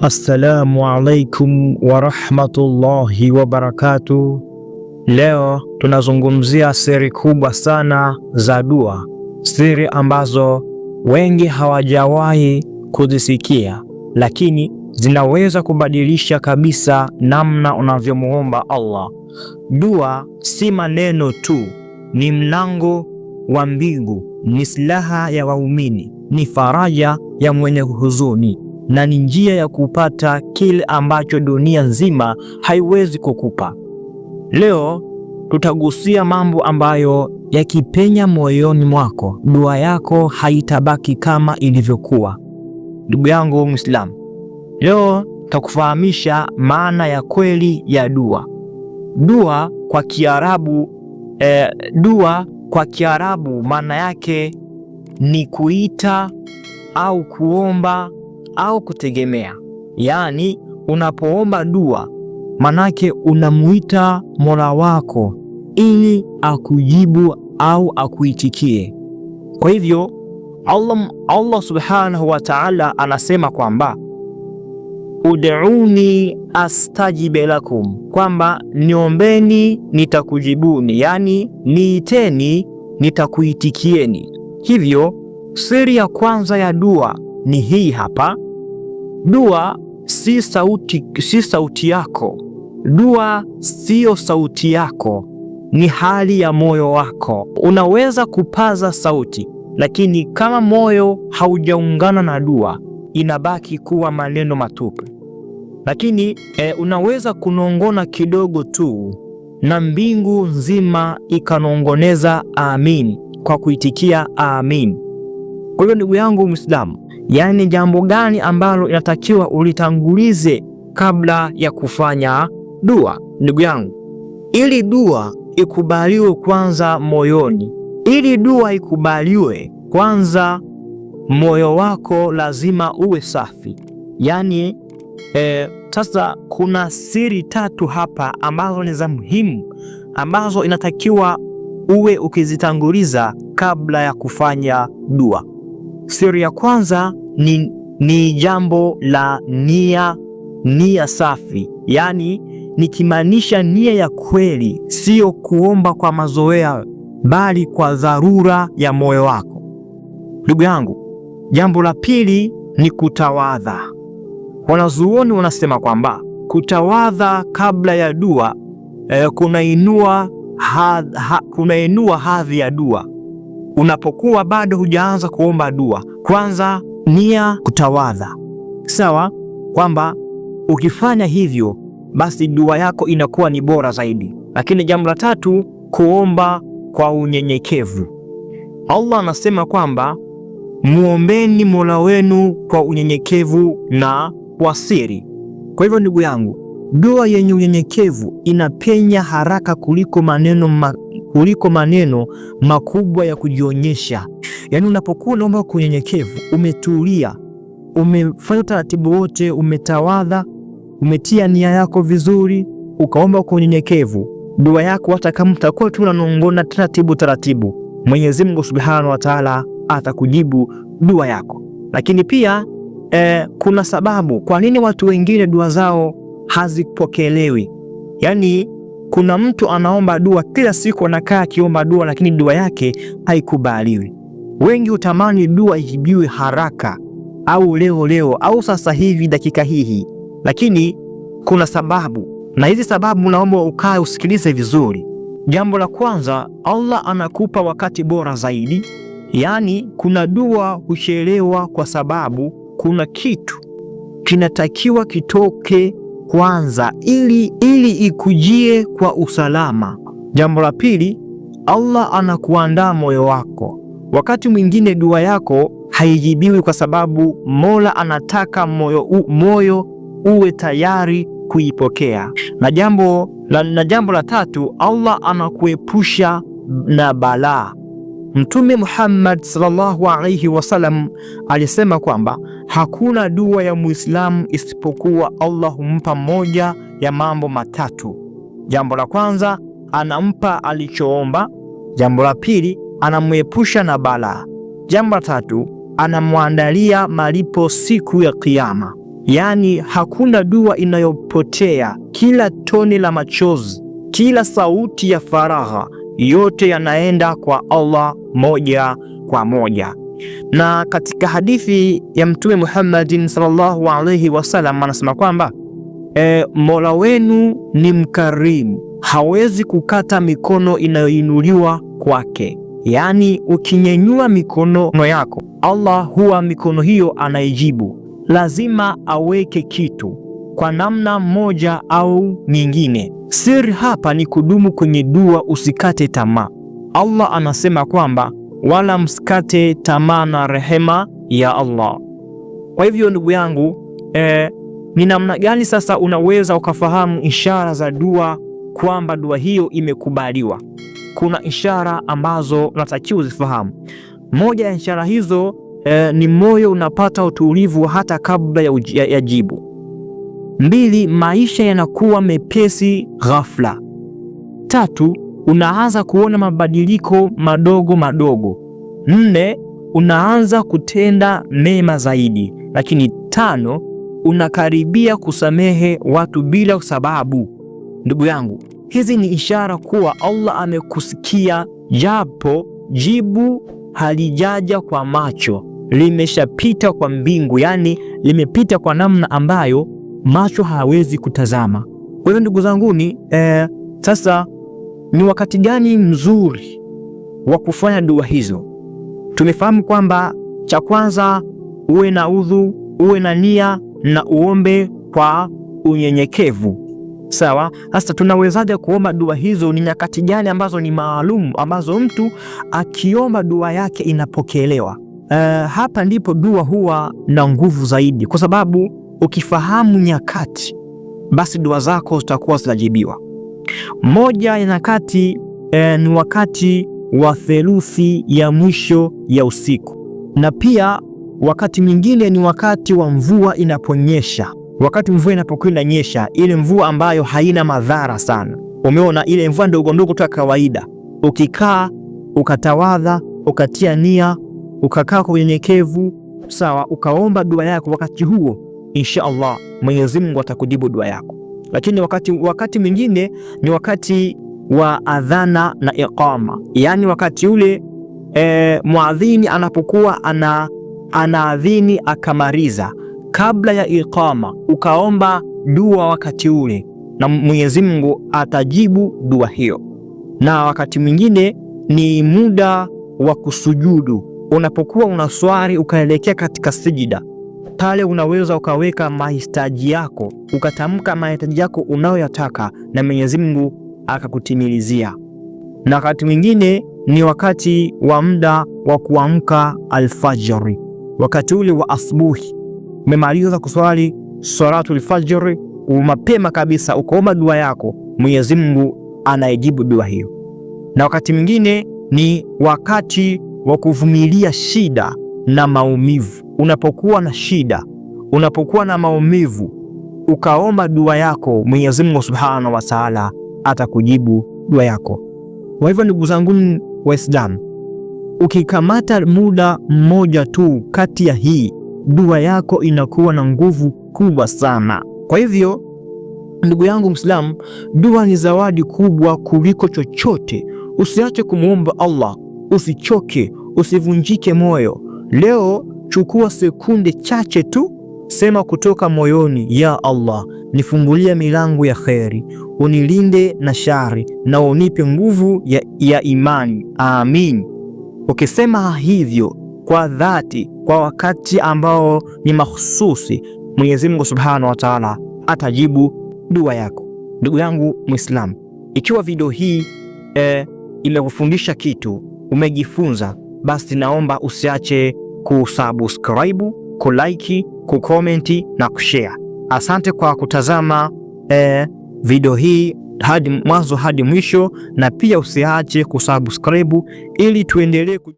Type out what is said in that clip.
Assalamu alaikum warahmatullahi wabarakatuh. Leo tunazungumzia siri kubwa sana za dua, siri ambazo wengi hawajawahi kuzisikia, lakini zinaweza kubadilisha kabisa namna unavyomuomba Allah. Dua si maneno tu, ni mlango wa mbingu, ni silaha ya waumini, ni faraja ya mwenye huzuni na ni njia ya kupata kile ambacho dunia nzima haiwezi kukupa. Leo tutagusia mambo ambayo yakipenya moyoni mwako, dua yako haitabaki kama ilivyokuwa. Ndugu yangu Muislamu, leo takufahamisha maana ya kweli ya dua. Dua kwa Kiarabu eh, dua kwa Kiarabu maana yake ni kuita au kuomba au kutegemea. Yaani, unapoomba dua, manake unamuita Mola wako ili akujibu au akuitikie. Kwa hivyo Allah, Allah subhanahu wa ta'ala anasema kwamba ud'uni astajibe lakum, kwamba niombeni nitakujibuni, yani niiteni nitakuitikieni. Hivyo siri ya kwanza ya dua ni hii hapa. Dua si sauti, si sauti yako. Dua siyo sauti yako, ni hali ya moyo wako. Unaweza kupaza sauti, lakini kama moyo haujaungana na dua, inabaki kuwa maneno matupu. Lakini e, unaweza kunongona kidogo tu na mbingu nzima ikanongoneza amin kwa kuitikia amin. Kwa hiyo ndugu yangu Muislamu yaani jambo gani ambalo inatakiwa ulitangulize kabla ya kufanya dua. Ndugu yangu, ili dua ikubaliwe kwanza moyoni, ili dua ikubaliwe kwanza moyo wako lazima uwe safi. Yaani eh, sasa, eh, kuna siri tatu hapa ambazo ni za muhimu ambazo inatakiwa uwe ukizitanguliza kabla ya kufanya dua. Siri ya kwanza ni, ni jambo la nia, nia safi, yaani nikimaanisha nia ya kweli, sio kuomba kwa mazoea, bali kwa dharura ya moyo wako. Ndugu yangu, jambo la pili ni kutawadha. Wanazuoni wanasema kwamba kutawadha kabla ya dua eh, kunainua ha, ha, kunainua hadhi ya dua Unapokuwa bado hujaanza kuomba dua, kwanza nia kutawadha, sawa, kwamba ukifanya hivyo basi dua yako inakuwa ni bora zaidi. Lakini jambo la tatu, kuomba kwa unyenyekevu. Allah anasema kwamba muombeni Mola wenu kwa unyenyekevu na kwa siri. Kwa hivyo ndugu yangu, dua yenye unyenyekevu inapenya haraka kuliko maneno ma kuliko maneno makubwa ya kujionyesha. Yaani, unapokuwa unaomba kunyenyekevu, umetulia, umefanya utaratibu wote, umetawadha, umetia nia yako vizuri, ukaomba kwa unyenyekevu dua yako, hata kama utakuwa tu unanong'ona taratibu taratibu, Mwenyezi Mungu Subhanahu wa Ta'ala atakujibu dua yako. Lakini pia eh, kuna sababu kwa nini watu wengine dua zao hazipokelewi, yaani kuna mtu anaomba dua kila siku, anakaa akiomba dua, lakini dua yake haikubaliwi. Wengi hutamani dua ijibiwe haraka au leo leo au sasa hivi dakika hii, lakini kuna sababu, na hizi sababu naomba ukae usikilize vizuri. Jambo la kwanza, Allah anakupa wakati bora zaidi. Yaani, kuna dua huchelewa kwa sababu kuna kitu kinatakiwa kitoke kwanza ili, ili ikujie kwa usalama. Jambo la pili, Allah anakuandaa moyo wako. Wakati mwingine dua yako haijibiwi kwa sababu Mola anataka moyo, u, moyo uwe tayari kuipokea. Na jambo la, na jambo la tatu, Allah anakuepusha na balaa. Mtume Muhammad sallallahu alaihi wasallam alisema kwamba hakuna dua ya Muislamu isipokuwa Allah humpa moja ya mambo matatu. Jambo la kwanza, anampa alichoomba. Jambo la pili, anamwepusha na balaa. Jambo la tatu, anamwandalia malipo siku ya Kiyama. Yaani hakuna dua inayopotea. Kila tone la machozi, kila sauti ya faragha yote yanaenda kwa Allah moja kwa moja. Na katika hadithi ya Mtume Muhammad sallallahu alaihi wasallam anasema kwamba e, Mola wenu ni mkarimu, hawezi kukata mikono inayoinuliwa kwake. Yaani, ukinyenyua mikono yako Allah huwa mikono hiyo anaijibu, lazima aweke kitu kwa namna moja au nyingine. Siri hapa ni kudumu kwenye dua, usikate tamaa. Allah anasema kwamba wala msikate tamaa na rehema ya Allah. Kwa hivyo ndugu yangu, eh, ni namna gani sasa unaweza ukafahamu ishara za dua kwamba dua hiyo imekubaliwa? Kuna ishara ambazo unatakiwa uzifahamu. Moja ya ishara hizo eh, ni moyo unapata utulivu hata kabla ya, uji, ya, ya jibu. Mbili, maisha yanakuwa mepesi ghafla. Tatu, unaanza kuona mabadiliko madogo madogo. Nne, unaanza kutenda mema zaidi. Lakini tano, unakaribia kusamehe watu bila sababu. Ndugu yangu, hizi ni ishara kuwa Allah amekusikia, japo jibu halijaja kwa macho, limeshapita kwa mbingu, yaani limepita kwa namna ambayo macho hawezi kutazama. Kwa hiyo ndugu zanguni, eh, sasa ni wakati gani mzuri wa kufanya dua hizo? Tumefahamu kwamba cha kwanza uwe na udhu, uwe na nia na uombe kwa unyenyekevu. Sawa, sasa tunawezaje kuomba dua hizo? Ni nyakati gani ambazo ni maalum ambazo mtu akiomba dua yake inapokelewa? Uh, hapa ndipo dua huwa na nguvu zaidi, kwa sababu Ukifahamu nyakati, basi dua zako zitakuwa zinajibiwa. Moja ya nyakati e, ni wakati wa theluthi ya mwisho ya usiku, na pia wakati mwingine ni wakati wa mvua inaponyesha, wakati mvua inapokuwa inanyesha, ile mvua ambayo haina madhara sana. Umeona ile mvua ndogo ndogo tu ya kawaida, ukikaa ukatawadha, ukatia nia, ukakaa kwa unyenyekevu, sawa, ukaomba dua yako wakati huo insha Allah Mwenyezi Mungu atakujibu dua yako. Lakini wakati, wakati mwingine ni wakati wa adhana na iqama, yaani wakati ule e, muadhini anapokuwa ana anaadhini akamaliza kabla ya iqama, ukaomba dua wakati ule, na Mwenyezi Mungu atajibu dua hiyo. Na wakati mwingine ni muda wa kusujudu, unapokuwa unaswali ukaelekea katika sijida pale unaweza ukaweka mahitaji yako, ukatamka mahitaji yako unayoyataka na Mwenyezi Mungu akakutimilizia. Na wakati mwingine ni wakati wa muda wa kuamka alfajiri, wakati ule wa asubuhi, umemaliza kuswali salatul fajri mapema kabisa, ukaomba dua yako, Mwenyezi Mungu anayejibu dua hiyo. Na wakati mwingine ni wakati wa kuvumilia shida na maumivu unapokuwa na shida, unapokuwa na maumivu, ukaomba dua yako, Mwenyezi Mungu Subhanahu wa Ta'ala atakujibu dua yako. Kwa hivyo ndugu zangu Waislamu, ukikamata muda mmoja tu kati ya hii dua yako inakuwa na nguvu kubwa sana. Kwa hivyo ndugu yangu Mwislamu, dua ni zawadi kubwa kuliko chochote. Usiache kumwomba Allah, usichoke, usivunjike moyo. Leo Chukua sekunde chache tu, sema kutoka moyoni: ya Allah, nifungulie milango ya kheri, unilinde na shari, na unipe nguvu ya, ya imani. Amin. Ukisema hivyo kwa dhati, kwa wakati ambao ni mahususi, Mwenyezi Mungu Subhanahu wa Ta'ala atajibu dua yako. Ndugu yangu Muislamu, ikiwa video hii eh, imekufundisha kitu, umejifunza, basi naomba usiache kusubscribe, kulike, kukomenti na kushare. Asante kwa kutazama eh, video hii hadi mwanzo hadi mwisho, na pia usiache kusubscribe ili tuendelee